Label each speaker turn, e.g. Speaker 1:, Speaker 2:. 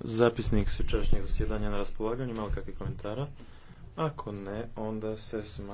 Speaker 1: Zapisnik
Speaker 2: sučašnjeg zasjedanja na raspolaganju, malo kakvih komentara. Ako ne, onda se sma